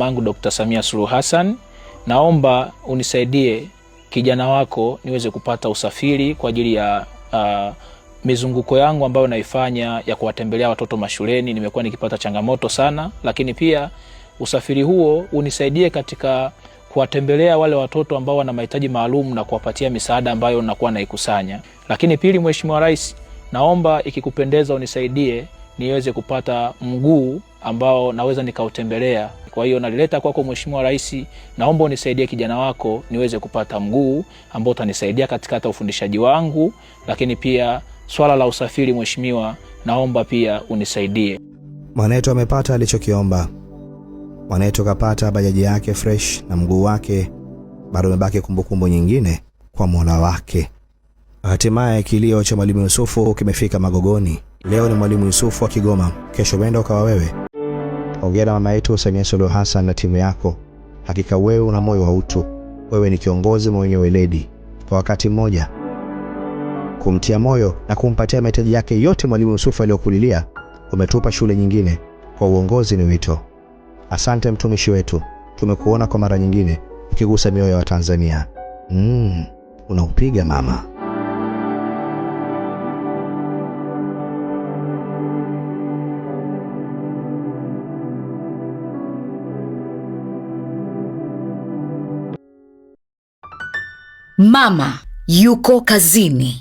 Mangu Dr. Samia Suluhu Hassan, naomba unisaidie kijana wako niweze kupata usafiri kwa ajili ya uh, mizunguko yangu ambayo naifanya ya kuwatembelea watoto mashuleni. Nimekuwa nikipata changamoto sana, lakini pia usafiri huo unisaidie katika kuwatembelea wale watoto ambao wana mahitaji maalum na kuwapatia misaada ambayo nakuwa naikusanya. Lakini pili, Mheshimiwa Rais, naomba ikikupendeza unisaidie niweze kupata mguu ambao naweza nikautembelea. Kwa hiyo nalileta kwako Mheshimiwa Rais, naomba unisaidie kijana wako niweze kupata mguu ambao utanisaidia katika hata ufundishaji wangu, lakini pia swala la usafiri, Mheshimiwa, naomba pia unisaidie. Mwanetu amepata alichokiomba. Mwanetu kapata bajaji yake fresh na mguu wake bado umebaki kumbukumbu nyingine kwa Mola wake. Hatimaye kilio cha Mwalimu Yusufu kimefika magogoni. Leo ni Mwalimu Yusufu wa Kigoma, kesho wenda ukawa wewe. Ongea na mama yetu Samia Suluhu Hassan na timu yako. Hakika wewe una moyo wa utu, wewe ni kiongozi mwenye weledi kwa wakati mmoja. Kumtia moyo na kumpatia mahitaji yake yote Mwalimu Yusufu aliyokulilia, umetupa shule nyingine. Kwa uongozi ni wito. Asante mtumishi wetu, tumekuona kwa mara nyingine ukigusa mioyo ya Watanzania. Mm, unaupiga mama. Mama yuko kazini.